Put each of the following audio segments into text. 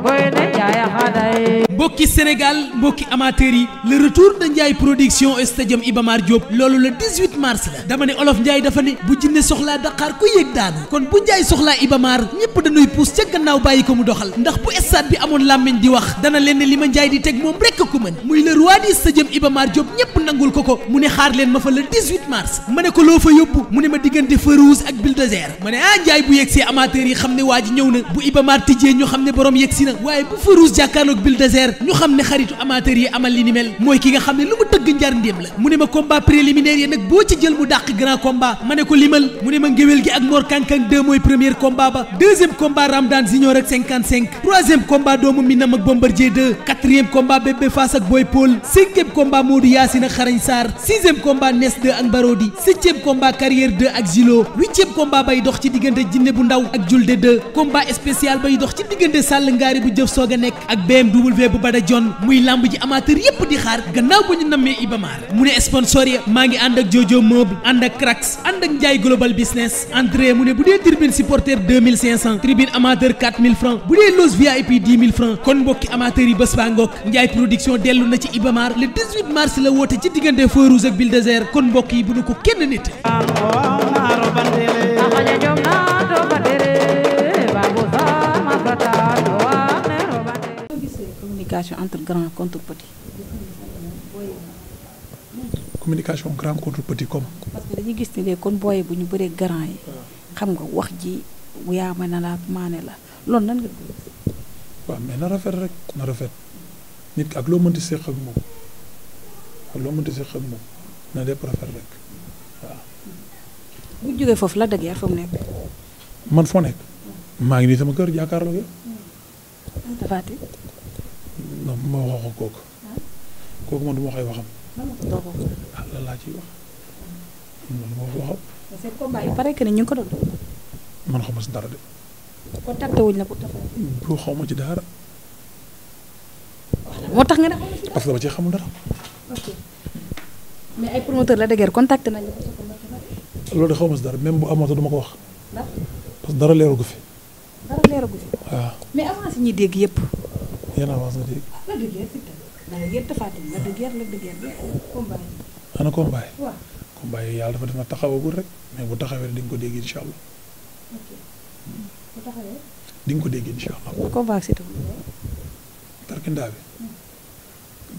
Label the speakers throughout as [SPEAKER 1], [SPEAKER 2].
[SPEAKER 1] boy ne mbokki Sénégal mbokki amateurs yi le retour de Ndiaye production stadium Iba Mar Diop loolu le 18 mars la dama ne olof Ndiaye dafa ne bu jinne soxlaa Dakar ku yéeg daanu kon bu Ndiaye soxlaa Iba Mar ñëpp dañuy puus ca gannaaw bàyyi ko mu doxal ndax bu bi amoon làmmiñ di wax dana leen ne li ma Ndiaye di teg moom rekk ku mën muy le roi du stadium ñëpp nangul ko ko mu ne xaar leen ma fa le 18 mars ma ne ko loo fa yóbbu mu ne ma diggante feu rouge ak bulldozer ma ne ah Ndiaye bu yegg see amateurs yi xam ne waa ji ñëw na bu Iba Mar tijjee ñu xam ne borom yegg si na waaye bu feu rouge jàkkaarloog bulldozer ñu xam ne xaritu amateur yi amal li ni mel mooy ki nga xam ne lu mu tëgg njar ndéem la mu ne ma combat préliminaire yi nag boo ci jël mu dàq grand combat ma ne ko limal mu ne ma ngéwél gi ak Mor Kankang 2 mooy premier combat ba deuxième combat Ramdan Junior ak 55 troisième doomu Minam ak Bombardier 2 quatrième combat Bébé ak Boy Paul cinquième combat Modou Yacine ak Xarañ Sarr sixième combat ak Barodi septième combat Carrière ak Zilo huitième combat bay dox ci diggante Jinne bu ndaw ak Julde 2 dox ci diggante Sall Ngaari bu jëf soog a nekk ak Bada John muy lamb ji amateur yépp di xaar gannaaw ba ñu nammee Ibamaar mu ne sponsor ya maa ngi ànd ak Jojo Meuble ànd ak Crax ànd ak Njaay Global Business entrée mu ne bu dee tribune supporter tribune amateur francs bu dee loge VIP 10 000 francs kon mbokki amateur yi bés baa Njaay production dellu na ci Ibamaar mars la woote ci diggante Feu Rouge ak Bulldozer kon mbokk yi bu nu ko kenn nit
[SPEAKER 2] communication entre grand contre petit.
[SPEAKER 3] communication grand contre petit comme.
[SPEAKER 2] parce que dañuy gis ne léegi kon booyee bu ñu bëree grand yi. xam nga wax ji yaa ma ne la maane la lool nan nga.
[SPEAKER 3] waaw mais na rafet rek na rafet nit ak loo mënti séq ak moom ak loo mënti séq ak moom na lépp rafet rek waaw.
[SPEAKER 2] bu jógee foofu la dëgg yàlla fa mu nekk.
[SPEAKER 3] man foo nekk. maa ngi nii sama kër jàkkaarloo yow. non bu ma kooku kooku man du ma wax ay waxam. ah laa ciy wax man ma wax waxam. parce que pare que ni ñu ngi ko doon. man xaw ma si dara de. kon tàttewuñ la ko boo xaw ma ci dara. tax nga ne parce que dama ci xamul dara.
[SPEAKER 2] ok mais ay promoteur la dëgër contacté nañ
[SPEAKER 3] loolu de xaw si dara même bu amoon duma ko wax. parce que dara leeragu fi. dara leeragu fi. waaw
[SPEAKER 2] mais avance ñi dégg yëpp.
[SPEAKER 3] yéen nga dégg.
[SPEAKER 2] Lac de Guiers Siteu Lac
[SPEAKER 3] yàlla dafa def na taxawagul rek mais bu taxawee di nga ko dégg incha allah.
[SPEAKER 2] ok bu taxawee.
[SPEAKER 3] di nga ko dégg incha allah. combat ak Siteu. tarkindaa bi.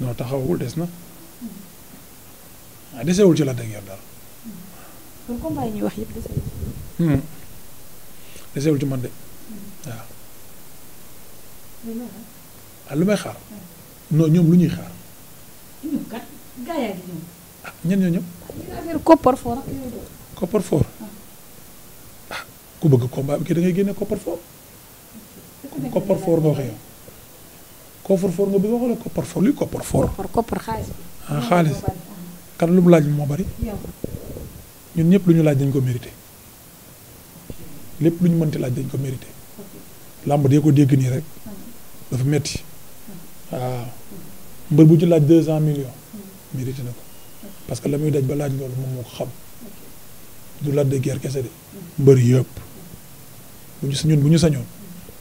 [SPEAKER 3] non taxawagul des na. ah desewul ci la de Guiers daal.
[SPEAKER 2] kon wax yëpp desewul.
[SPEAKER 3] Hmm. desewul ci man de hmm. waaw. ah lu may xaar non ñoom lu ñuy xaar.
[SPEAKER 2] ñoom kat gaa yaa ah ñenn ñoo ñëw. affaire coffre
[SPEAKER 3] ah. ah, ku bëgg combat kii da ngay génne coffre-fort. coffre-fort nga waxee yow. coffre-fort nga bëgg a wax wala coffre-fort luy coffre xaalis bi. Ah, kan lu mu laaj moo bari. ñun ñëpp lu ñu laaj dañ ko mérité lépp lu ñu mënti laaj dañ ko mérité. làmb dee ko dégg nii rek dafa metti waaw mbër bu ci laaj deux cent million mérité na ko parce que la muy daj ba laaj loolu moom moo xam du Lac de Guiers kese de mbër yëpp bu ñu sañoon bu ñu sañoon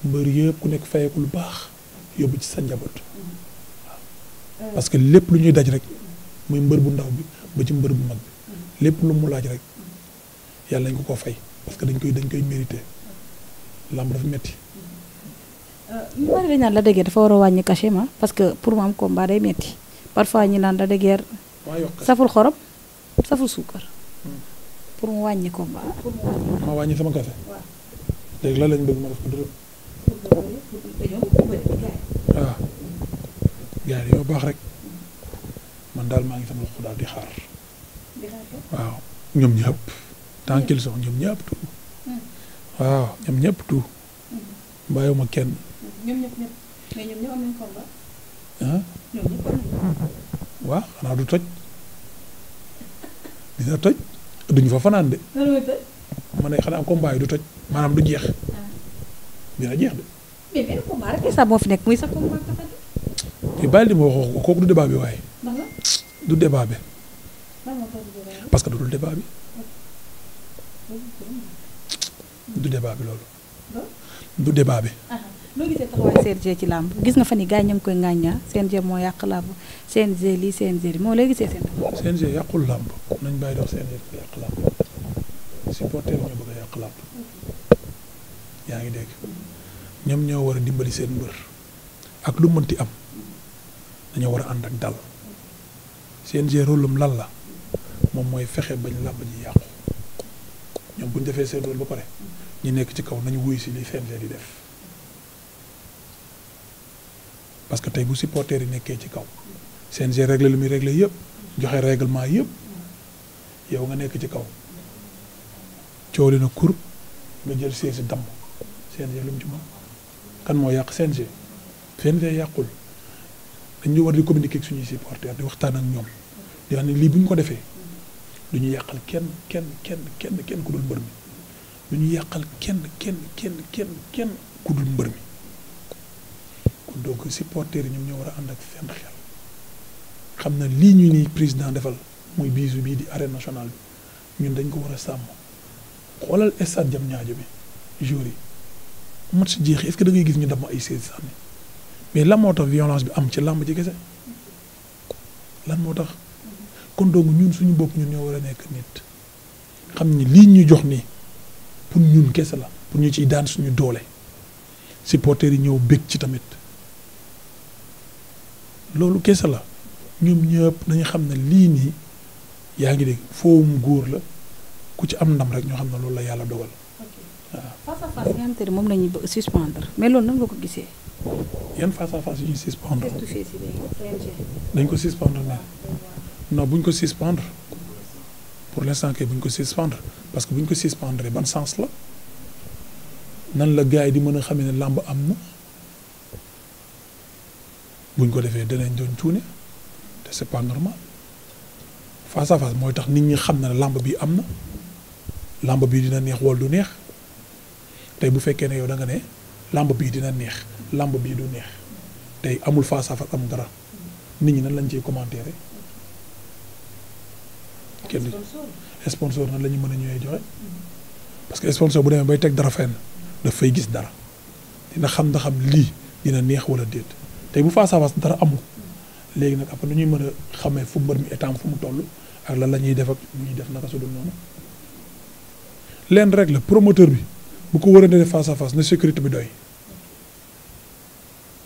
[SPEAKER 3] mbër yëpp ku nekk fayeeku lu baax yóbbu ci sa njaboot waaw parce que lépp lu ñuy daj rek muy mbër bu ndaw bi ba ci mbër bu mag lépp lu mu laaj rek yàlla nañ ko koo fay parce que dañ koy dañ koy mérité lamb dafa metti Euh,
[SPEAKER 2] ñu bari dañ naan la de dafa war a wàññi cachet ma parce que pour mu am combat day metti parfois ñi naan Lac de Guiers saful xorom saful suukar hmm. pour mu wàññi combat
[SPEAKER 3] ma wàññi sama cachet léegi lan lañ bëgg ma def ko
[SPEAKER 2] dërëm
[SPEAKER 3] waaw ah. man daal maa ngi sama loxo daal di waaw ñoom ñëpp tant qu'ils ñoom ñëpp tout hmm. waaw ñoom ñëpp tout hmm. bàyyiwuma kenn ñoom ñëpp ñëpp mais ñoom ñëpp xanaa du toj dina toj fa fanaan de. ma xanaa combat du toj maanaam du jeex. Ah. de.
[SPEAKER 2] mais sa boo nekk muy sa combat
[SPEAKER 3] te bàyyi li ma waxoo ko kooku du débat bi waaye. du débat bi.
[SPEAKER 2] parce que du dul débat
[SPEAKER 3] bi. Ah. du débat bi
[SPEAKER 2] loo gisee taxawaay CNG ci làmb gis nga fa ni gaa yi koy ngi seen ŋàññaa moo yàq làmb CNG lii CNG lii moo lay gisee seen.
[SPEAKER 3] g yàqul làmb nañ bàyyi dox CNG yàq làmb supporter ñoo bëgg a yàq làmb yaa ngi dégg ñoom ñoo war a dimbali seen mbër ak lu mënti am dañoo war a ànd ak dal CNG rôle am lan la moom mooy fexe bañ làmb ñi yàqu ñoom bu defee seen rôle ba pare ñu nekk ci kaw nañu wuy si li CNG di def. parce que tey bu supporters yi nekkee ci kaw CNG réglé lu muy réglé yëpp joxe réglement yëpp yow nga nekk ci kaw coow li na kur nga jël siège damm CNG lu mu ci mën kan moo yàq CNG CNG yàqul dañ ñu war di communiquer ak suñuy waxtaan ak ñoom di wax ne lii bu ñu ko defee lu ñu yàqal kenn kenn kenn kenn kenn ku dul mbër mi du ñu yàqal kenn kenn kenn kenn kenn ku dul mbër mi. donc supporters yi ñoom ñoo war a ànd ak seen xel xam na lii ñu ni président defal muy bisu bii di arène nationale bi ñun dañ ko war a sàmm xoolal stade jam ñaajo bi jour yi match jeex est-ce que da gis ñu dem ay seize sànni mais lan moo tax violence bi am ci làmb ci kese lan moo tax kon donc ñun suñu bopp ñun ñëw war a nekk nit xam ni lii ñu jox nii pour ñun kese la pour ñu ciy daan suñu doole supporters yi ñëw bég ci tamit loolu kese la ñoom ñëpp nañu xam ne lii nii yaa ngi dégg mu góor la ku ci am ndam rek ñoo xam ne loolu la yàlla dogal.
[SPEAKER 2] waaw face à face nga xam te moom la suspendre mais loolu nan nga ko gisee.
[SPEAKER 3] yan face à face yu ñuy suspendre. dañ ko suspendre mais non buñ ko suspendre pour l'instant kay buñ ko suspendre parce que buñ ko suspendre ban sens la nan la gars yi di mën a xamee ne làmb am na. buñ ko defee danañ doon cuune te c'est pas normal face mooy tax nit ñi xam na ne làmb bi am na làmb bii dina neex wala du neex tey bu fekkee ne yow da nga ne làmb bii dina neex làmb bii du neex tey amul face à amul dara nit ñi nan lañ ciy commentaire kenn sponsor na la ñu mën a ñëwee joxe parce que sponsor bu demee bay teg dara fa daf fay gis dara dina xam nga xam lii dina neex wala déet tey bu face à dara amul léegi nag après nu ñuy mën a xamee fu mbër mi état fu mu toll ak lan la ñuy def ak ñuy def naka su dul noonu leen rek la promoteur bi bu ko war a def face à sécurité bi doy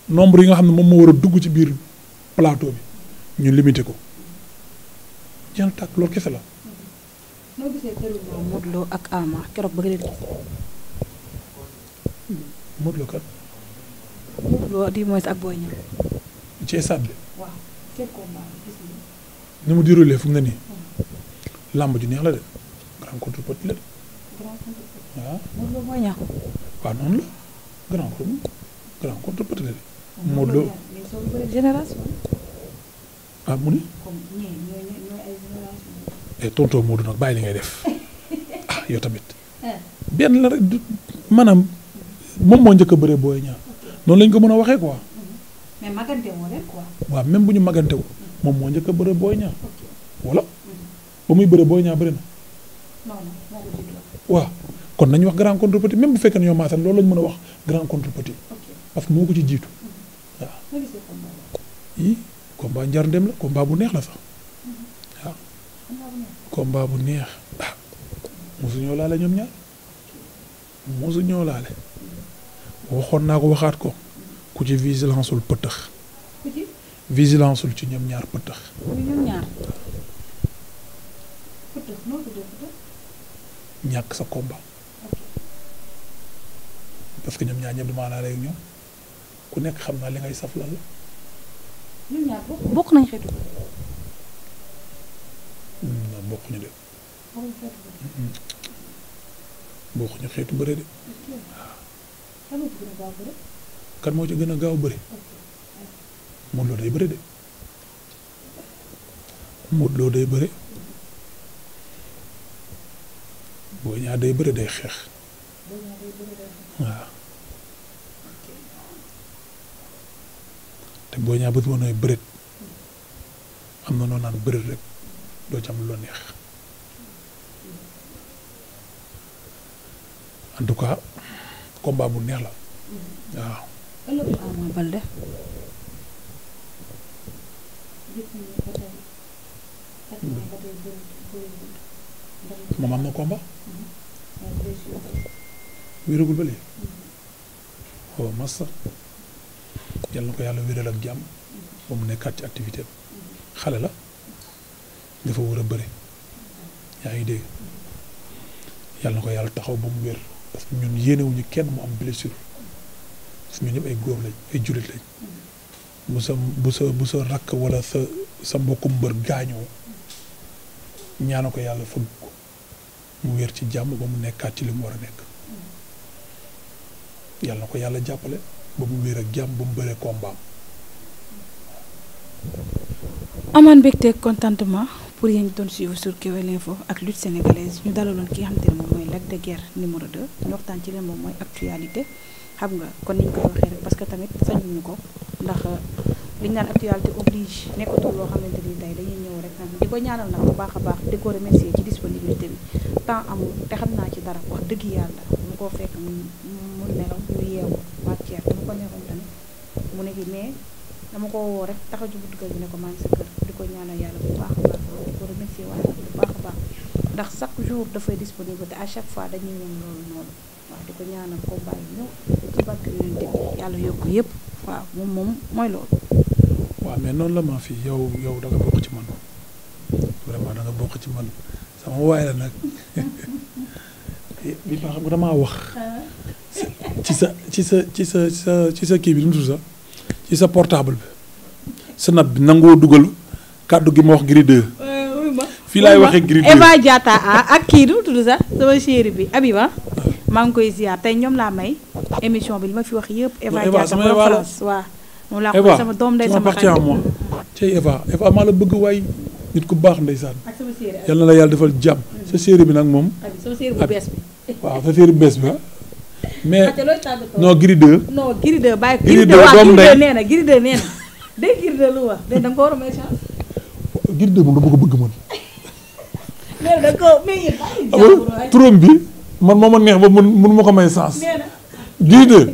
[SPEAKER 3] nombre yi nga xam ne moom moo war a dugg ci biir palaato bi ñu limité ko jël tàkk loolu kese la. noo gisee Modou Lo
[SPEAKER 2] Modou Lo mooy ak Boy Niang.
[SPEAKER 3] ci ni mu déroulé fu mu ne nii. Hmm. làmb ju neex la de. grand contre petit la. grand contre noonu la grand contre grand contre petit la de. Hmm, Modou ah mu ni.
[SPEAKER 2] comme ay génération.
[SPEAKER 3] Eh, tontoo Modou nag bàyyi li ngay def ah yow tamit. Eh. benn la rek du moom moo njëkk a bëree Boy Niang. noonu lañ ko mën a waxee ko mais magante waaw même bu ñu magante wu moom moo njëkk a bëre booy ñaa wala ba muy bëre booy ñaa bëri na. waaw kon nañu wax grand contre petit même bu fekkee ne ñoo maasan loolu lañ mën a wax grand contre petit. parce que moo ko ci jiitu. Mm-hmm. waaw i combat njar ndem la combat bu neex la sax mm-hmm. waaw. bu neex ah mosu ñoo laale ñoom ñaar mosu ñoo laale. waxoon naa ko waxaat ko ku ci vigilanceul pëtëx vigilanceul ci ñoom ñaar pëtëx ñàkk sa combat parce que ñoom ñaar ñëpp damaa naa rek ñoom ku nekk xam naa li ngay saf lan
[SPEAKER 2] la. bokk nañ xeetu.
[SPEAKER 3] Hmm, non bokkuñu de. bokkuñu xeetu bëre de waaw. kan moo ci gën a gaaw bëri Modou loo day bëri de Modou Lo day bëri Boy ñaar day bëri day xeex waaw te Boy Niang bés boo nooy bëreet am na noo naan bëreet rek doo ci am neex en tout cas. combat bu neex la waaw.
[SPEAKER 2] moom am na combat.
[SPEAKER 3] wéragul ba léegi. oh massa. yal na ko yàlla wéral ak jàmm. ba nekkaat ci activité xale la. dafa war a bëri. yaa ngi dégg. yal na ko yàlla taxaw ba mu wér. ñun yéenewuñu kenn mu am blessure su ñu ñëpp ay góor lañ ay jullit lañ bu sa bu sa bu sa rakk wala sa sa mbokku mbër gaañoo ñaana ko yàlla fëgg ko mu wér ci jàmm ba mu nekkaat ci li mu war a nekk yàlla ko yàlla jàppale ba mu wér ak jàmm ba mu bëree kombaam
[SPEAKER 2] amaan mbégte contentement pour yéen doon suivre sur Kewel Info ak lutte sénégalaise ñu dalaloon ki xam te moom Lac de Guiers numéro 2 ñu waxtaan ci leen moom mooy actualité xam nga kon niñ koy waxee rek parce que tamit ñu ko ndax euh, li ñu naan actualité oblige nekkatul loo xamante ni tey dañuy ñëw rek nag di ko ñaanal nag bu baax a baax di ko remercier ci disponibilité bi temps amul te xam naa ci dara wax dëgg yàlla mu ko fekk mu mu nelaw mu yeewu waa Thiès dama ko neexoon tamit mu ne ki mais dama ko woo rek taxaw ci buntu kër gi ne ko maa sa kër di ko ñaanal yàlla bu baax a baax di ko remercier waaye bu baax a baax ndax chaque jour dafay disponible te à chaque fois dañuy ñëw loolu noonu waaw di ko ñaanal ko bàyyi ñëw ci barke yonent waaw moom moom
[SPEAKER 3] mooy loolu. waaw mais noonu la ma fi yow yow da bokk ci man vraiment bokk ci man sama waaye la nag bi baax damaa wax
[SPEAKER 1] ah. ci
[SPEAKER 3] sa ci sa ci sa ci sa kii bi nu sax ci sa portable bi snap bi nangoo dugal kàddu gi ma wax ngir
[SPEAKER 2] fii laay waxee Gris Eva Diatta ah, ak kii du tudd sax sama chéri bi Abiba maa ngi koy ziar tey ñoom laa may émission bi li ma fi wax yëpp. Eva Diatta ma France waaw. moom laa ko sama doom day sama xarit Eva
[SPEAKER 3] cey Eva Eva maa la bëgg waay nit ku baax ndeysaan. ak yal na la yàlla defal jàmm. sa chéri bi nag moom. sama bi. waaw sa chéri bu bees bi ah. mais non Gris 2.
[SPEAKER 2] non Gris 2 bàyyi ko Gris da war a may chance.
[SPEAKER 3] Gris 2 dama ko bëgg man turam bi man moo ma neex ba mun mun ma ko may saas Guider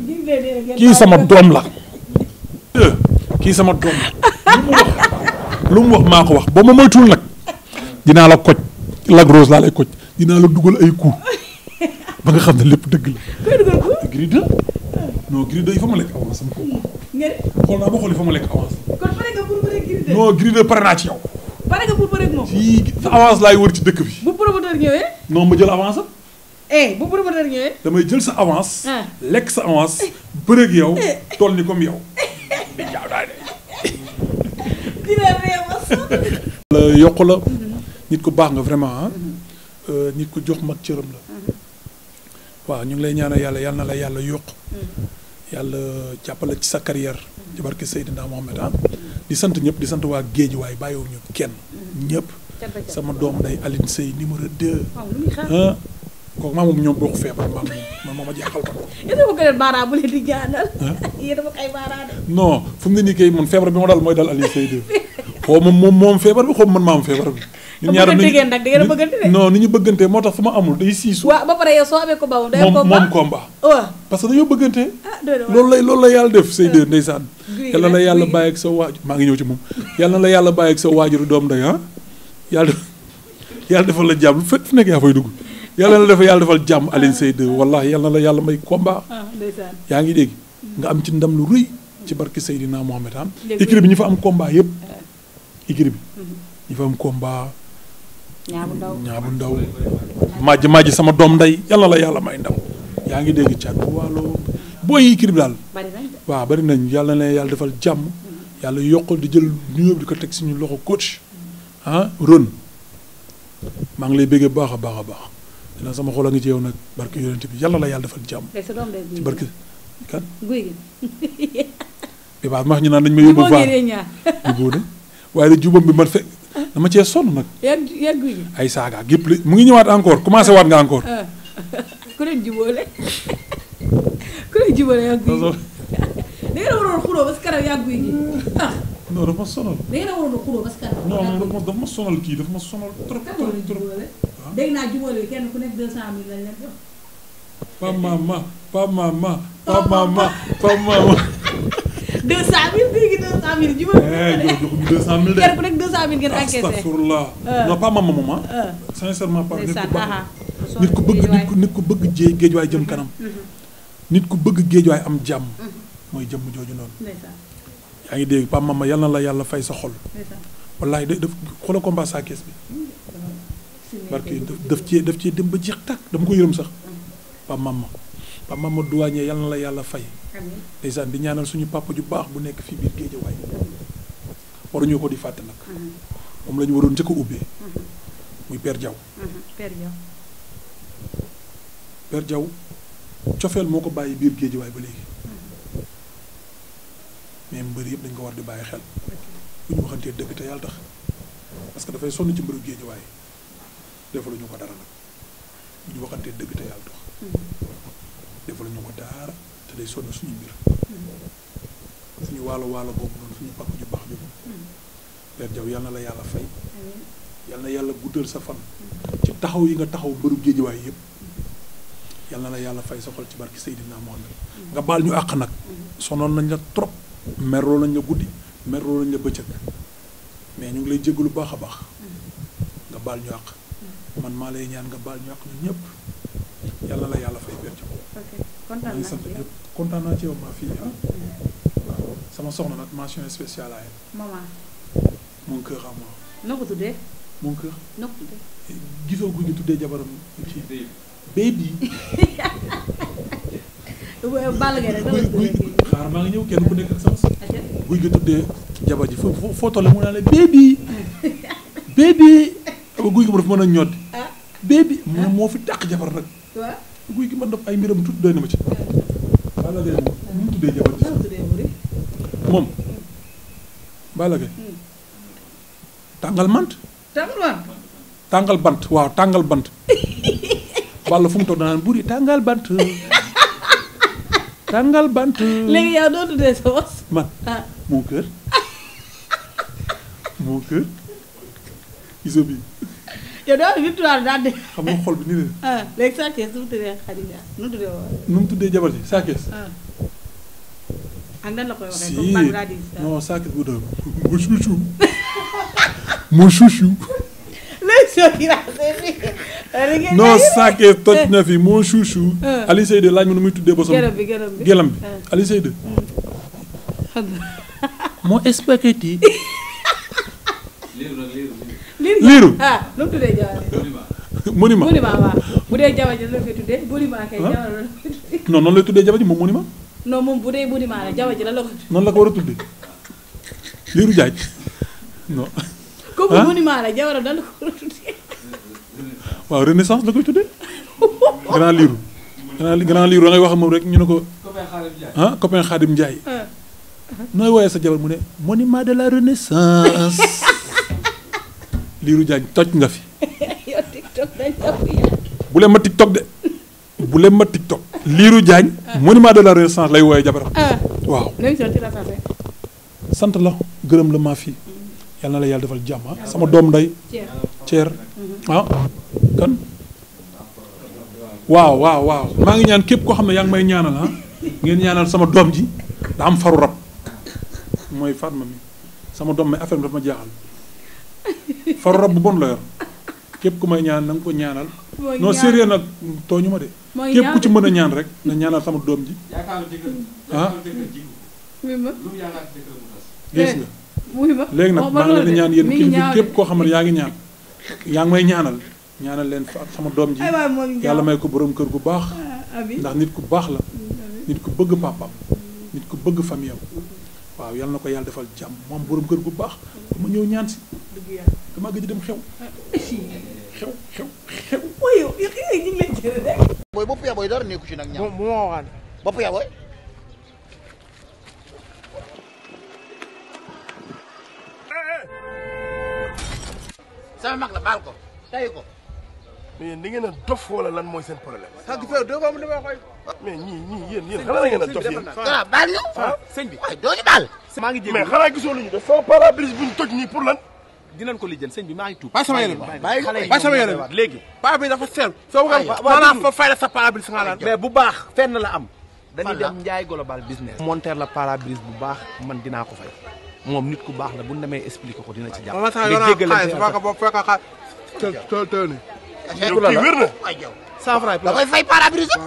[SPEAKER 3] kii sama doom la. kii sama doom la lu mu wax maa ko wax ba ma moytuwul nag dinaa la koj Lac Rose laa lay koj dinaa la dugal ay coups ba nga xam ne lépp dëgg la. Guider non Guider il faut ma lekk avance sama kaw. xool naa ba xool il faut ma lekk avance.
[SPEAKER 2] kon
[SPEAKER 3] pare pare naa ci yow.
[SPEAKER 2] pare nga pour bëre ak moom. fii
[SPEAKER 3] avance laay wër ci dëkk bi.
[SPEAKER 2] bu promoteur ñëwee.
[SPEAKER 3] non ma jël avance eh, damay jël sa avance. Ah. lekk sa avance bëre ak yow toll ni comme yow. dina yokk la. nit ko baax nga vraiment ah. euh, nit ko jox mag cëram la.
[SPEAKER 1] Mm-hmm.
[SPEAKER 3] waaw ñu ngi lay ñaanal yàlla yàlla na la yàlla yokk. Mm-hmm. yàlla jàppale ci sa carrière. ci barke Seydina Mohamed ah di sant ñëpp di sant waa géej waay bàyyiwuñu kenn ñëpp sama doom day Aline Sey numéro 2
[SPEAKER 1] ah
[SPEAKER 3] kooku maa moom ñoom bokk feebar maa moom man moom a ji xalta
[SPEAKER 2] bu leen di ah. a de
[SPEAKER 3] non fu mu ne nii kay man feebar bi ma dal mooy dal Aline Sey 2 ma ma man maa am feebar bi ñun ñaar non ni ñu bëggante moo tax fu ma amul day siisu waaw
[SPEAKER 2] ba pare yow soo amee combat moom day combat moom
[SPEAKER 3] combat oh. parce que dañoo bëggante ah, loolu lay loolu la yàlla def Sey 2 ndeysaan yal na la yàlla bàyyi ak sa waajur maa ngi ñëw ci moom yal na la yàlla bàyyi ak sa waajuru doom day ah yàlla yàlla defal la jàmm fépp fu dugg yàlla na yàlla defal jàmm Alioune Seye 2 wallaahi yal na la yàlla may combat ah, yaa ngi dégg nga am ci ndam lu ci barki Seydina Mohamed am ah. bi ñu fa am combat yëpp écurie ah. bi mm-hmm. ñu fa am combat ndaw sama doom nday yal na ndaw yaa ngi dégg càddu booy yi bi daal waaw bari nañ yàlla na yàlla defal jàmm mm-hmm. yàlla yokkal di jël nuyoo di ko teg suñu loxo coach ah ron maa ngi lay béggee baax a baax a baax dina sama xol a ngi ci yow nag barke yonent bi yàlla la yàlla defal jàmm ci barke kan bi baax max ñu naan dañ ma yóbbu vaar jubóo de waaye de jubam bi man fekk dama cee sonn nag ay saagaa gépp la mu ngi ñëwaat encore commencé waat nga encore
[SPEAKER 2] ku leen jubóole
[SPEAKER 3] ku lay jubale ak guy gi da
[SPEAKER 2] ngeen a waroon xuloo ba si kanam yaa guy gi ah.
[SPEAKER 3] non dafa sonal. da
[SPEAKER 2] ngeen a waroon a xuloo ba si kanam. non non
[SPEAKER 3] dafa ma sonal kii dafa ma sonal trop
[SPEAKER 2] ah. kenn ku nekk 200000 lañ leen jox.
[SPEAKER 3] pa mama pa mama pa mama pa mama.
[SPEAKER 2] 200000 eh, de kenn nekk
[SPEAKER 3] 200000 euh. euh. bëgg nit ku bëgg géej waay jëm kanam. Mm-hmm. nit ku bëgg géej géejuwaay am jàmm mm-hmm. mooy jëmm jooju noonu
[SPEAKER 2] yaa
[SPEAKER 3] ngi dégg Pape Mama yal na la yàlla fay sa xol wallaay da daf xoola combat mm-hmm. daf cee dem ba jeex tàkk dama ko yërëm sax mm-hmm. Pape Mama Pape Mama duwaañee yal na la yàlla fay ndeysaan di ñaanal suñu papa ju baax bu nekk fii biir géejuwaay waruñu ko di fàtte nag moom la ñu waroon njëkk a ubbee muy Père Diaw Père Diaw cofeel moo ko bàyyi biir géejuwaay ba léegi mais mbër yëpp dañ ko war di bàyyi xel bu ñu waxantee dëgg te yàlla tax parce que dafay sonn ci mbëru géej waay ñu ko dara nag bu ñu waxantee dëgg te yàlla tax defaluñu ko dara te day sonn suñu mbir suñu waalo waalo boobu noonu suñu pàkk ju baax leer jaw yal la yàlla fay yàlla na yàlla guddal sa fan ci taxaw yi nga taxaw mbëru géej waay yëpp yal na la yàlla fay sa xol ci barki Seydina Mohamed nga baal ñu àq nag sonoon nañ la trop merloo nañ la guddi merloo nañ la bëccëg mais ñu ngi lay lu baax a baax nga baal ñu àq man maa lay ñaan nga baal ñu àq ñun ñëpp yal la yàlla fay bér ci kontaan naa sant ci yow maa fii waaw sama soxna nag mention spéciale à elle maman mon cœur à moi noo ko tuddee mon gisoo gu tuddee jabaram ci baby. Balla Gaye rek xaar maa ngi ñëw kenn ku nekk ak sama sa. guy gi tuddee jabar ji fo foo toll mu naa la baby. baby guy gi mu dafa ah. Ah. fi man daf ay mbiram tudd doy moom tuddee jabar ji moom. Balla hmm. tàngal mant. tàngal bant. tàngal waaw tàngal bant. Balla fu mu toog danaan buri tàngal bant tàngal bant. léegi
[SPEAKER 2] yow doo tuddee sa bos. man
[SPEAKER 3] moo kër moo kër iso bi.
[SPEAKER 2] yow doo victoire daal
[SPEAKER 3] xam nga xol bi nii la.
[SPEAKER 2] Ah, léegi saa kees nu mu tuddee Khadija nu tuddee
[SPEAKER 3] woo. nu mu tuddee jabar ji saa kees. Ah.
[SPEAKER 2] ak
[SPEAKER 3] ah. bu doon. ma chouchou ma chouchou. non sàkkee toj na fi moo chouchou. Euh. tuddee bosam. gelam bi euh. moo spaghetti. liiru
[SPEAKER 2] liiru lu ah, mu tuddee jabar
[SPEAKER 3] monument monument waaw
[SPEAKER 2] bu la koy tuddee monument kay
[SPEAKER 3] jabar la moom monument
[SPEAKER 2] non moom la jabar ji la la ko
[SPEAKER 3] noonu la ko war a tuddee liiru jaaj non
[SPEAKER 2] kooku monument la jawara dal
[SPEAKER 3] waaw renaissance la koy tuddee grand livre grand livre da wax moom rek ñu ne ko ah copain Khadim ah. nooy wooyee sa jabar mu ne monument de la renaissance liiru jaañ toj nga fi bu leen ma tiktok de bu leen ma tiktok liiru jaañ ah. monument de la renaissance lay wooyee jabaram ah. waaw sant la gërëm la maa fii yàlla na la yàlla defal jàmm ah. sama doom nday Thier ah kan waaw waaw waaw maa ngi ñaan képp koo xam ne yaa ngi may ñaanal ah. ngeen ñaanal sama doom ji da am faru rab mooy Fatma mi sama doom mi affaire bi dafa ma jaaxal faru rab bu bon la yor képp ku may ñaan na ko ñaanal.
[SPEAKER 1] non sérieux nag
[SPEAKER 3] tooñu ma de. képp ku ci mën a ñaan rek na ñaanal sama doom ji.
[SPEAKER 1] ah. wuy ba léegi nag oh, maa ngi leen di ñaan yéen kilifa képp
[SPEAKER 3] koo xam ne yaa ngi ñaan yaa ngi may ñaanal ñaanal leen fa sama doom ji yàlla may ko boroom kër gu baax
[SPEAKER 2] ah, ndax
[SPEAKER 3] nit ku baax la mm, nit ku bëgg papam nit ku bëgg famille waaw yàlla na ko yàlla defal jàmm moom borom kër gu baax dama ñëw ñaan si damaa gëj dem ah, xew
[SPEAKER 1] xew xew xew booy bopp yaa booy dara nekku ci nag ñaan bopp yaa sama mag la baal ko tayu ko. mais yéen da ngeen a dof wala lan mooy seen problème. waaw waaw kii doo ko am damay xoy. mais ñii ñii yéen yéen xanaa ngeen a dof yéen. waaw baal ñu. waaw ah, sëñ bi waaye doo ñu maa ngi jéem mais xanaa gisoo lu ñu def bu ñu toj nii pour lan. dinañ ko lijjën sëñ bi maa ngi tuub. bàyyi sama yeneen bàyyi bàyyi sama yeneen léegi. paa bi fa fay la sa pare-brise nga mais bu baax fenn la am. dañuy dem Njaay global business. monter la pare bu baax man dinaa ko fay moom nit ku baax la bu ñu demee expliqué ko dina ci jàpp. nga jéggale xaalis bu ko boobu fekk xaalis.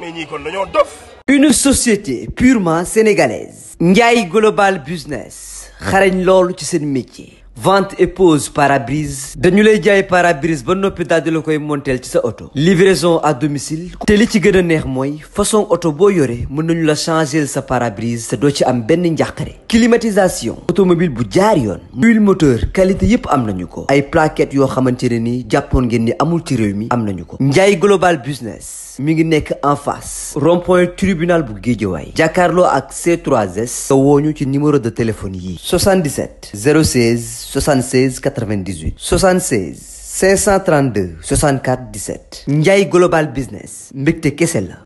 [SPEAKER 1] mais ñii kon dañoo dof. une société purement sénégalaise. Ndiaye Global Business. xarañ loolu ci seen métier. vente et pose pare dañu lay jaay pare ba noppi daldi la koy monteel ci sa oto livraison à domicile te li ci gën a neex mooy façon oto boo yore mën nañu la changer sa parabrise brise doo ci am benn njàqare climatisation automobile bu jaar yoon huile moteur qualité yépp am nañu ko ay plaquettes yoo xamante ne ni jàppoon ngeen ni amul ci réew mi am nañu ko Ndiaye global business mi ngi nekk en face rond tribunal bu Guédiawaye jàkkaarloo ak C3S te ci numéro de téléphone yi 77 016 76 98 76 532 64 17 Global Business mbégte kese la